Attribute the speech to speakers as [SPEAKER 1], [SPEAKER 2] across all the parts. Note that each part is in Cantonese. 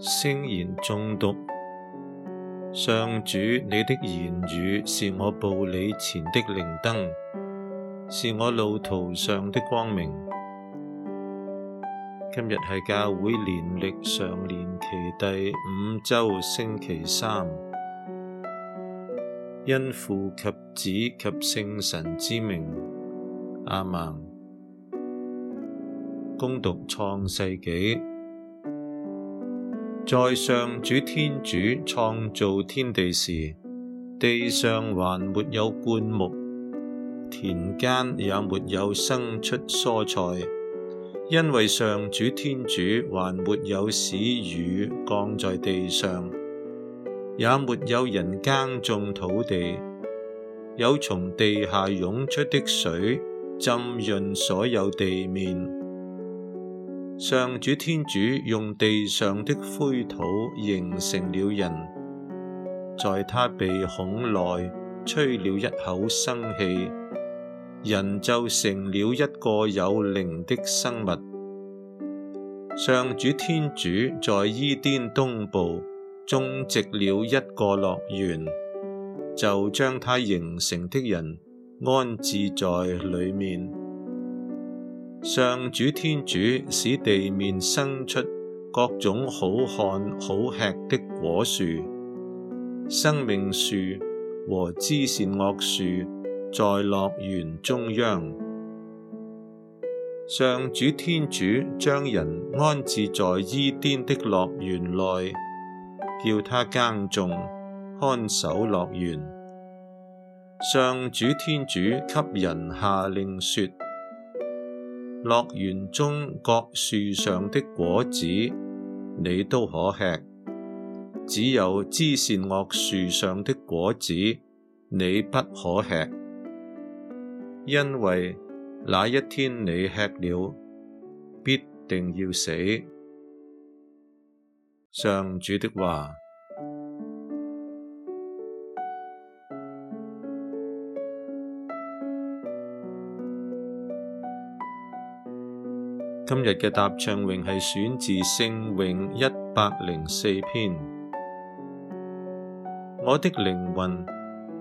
[SPEAKER 1] 聖言誦讀，上主，你的言語是我步履前的靈燈，是我路途上的光明。今日係教會年曆，常年期第五周星期三，因父及子及聖神之名，阿門。恭讀創世紀，在上主天主創造天地時，地上還沒有灌木，田間也沒有生出蔬菜。因為上主天主還沒有使雨降在地上，也沒有人耕種土地，有從地下湧出的水浸潤所有地面。上主天主用地上的灰土形成了人，在他鼻孔內吹了一口生氣。人就成了一個有靈的生物。上主天主在伊甸東部種植了一個樂園，就將他形成的人安置在裏面。上主天主使地面生出各種好看、好吃的果樹、生命樹和知善惡樹，在樂園中央，上主天主將人安置在伊甸的樂園內，叫他耕種、看守樂園。上主天主給人下令說：樂園中各樹上的果子，你都可吃；只有知善惡樹上的果子，你不可吃。因為那一天你吃了，必定要死。上主的話。今日嘅答唱詠係選自聖詠一百零四篇。我的靈魂，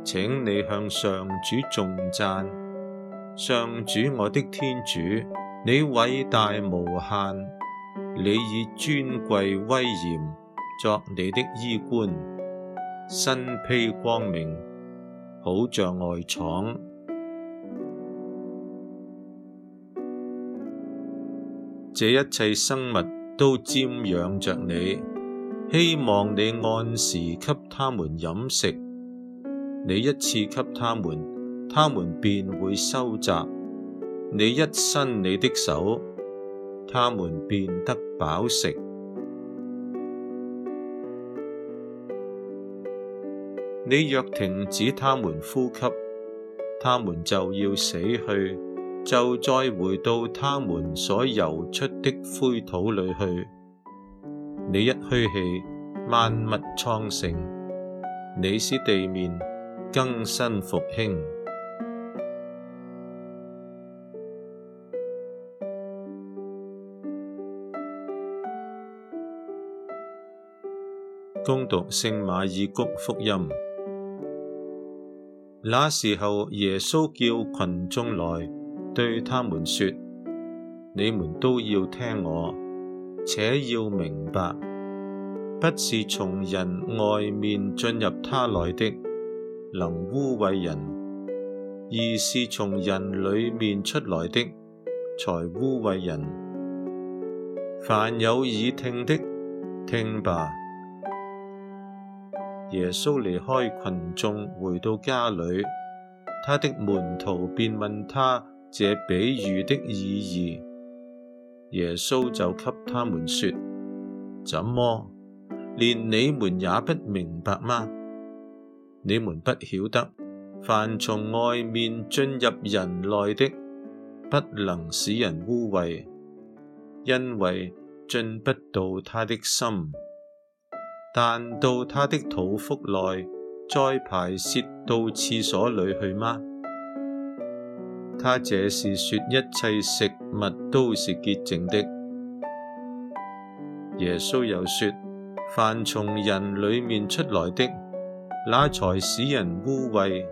[SPEAKER 1] 請你向上主頌讚。上主，我的天主，你偉大無限，你以尊貴威嚴作你的衣冠，身披光明，好像外氅。這一切生物都瞻仰着你，希望你按時給他們飲食，你一賜給他們。他們便會收集，你一伸你的手，他們便得飽食。你若停止他們呼吸，他們就要死去，就再回到他們所由出的灰土裏去。你一噓氣，萬物創成，你使地面更新復興。恭讀聖馬爾谷福音。那時候，耶穌叫群眾來，對他們說：你們都要聽我，且要明白，不是從人外面進入他內的能污穢人，而是從人裏面出來的才污穢人。凡有耳聽的，聽吧。耶穌離開群眾，回到家裏，他的門徒便問他這比喻的意義。耶穌就給他們說：「怎麼，連你們也不明白嗎？你們不曉得，凡從外面進入人內的，不能使人污穢，因為進不到他的心。但到他的肚腹內，再排洩到廁所裏去嗎？他這是說一切食物都是潔淨的。耶穌又說：凡從人裏面出來的，那才使人污穢；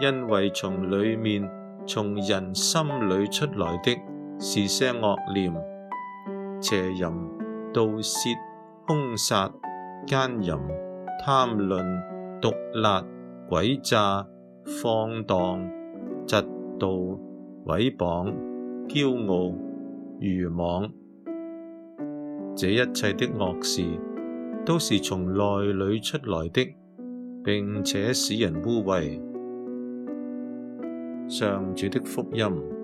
[SPEAKER 1] 因為從裏面從人心裏出來的是些惡念、邪淫、盜竊、兇殺。奸淫、貪吝、毒辣、詭詐、放蕩、嫉妒、毀謗、驕傲、愚妄，這一切的惡事，都是從內裏出來的，並且使人污穢。上主的福音。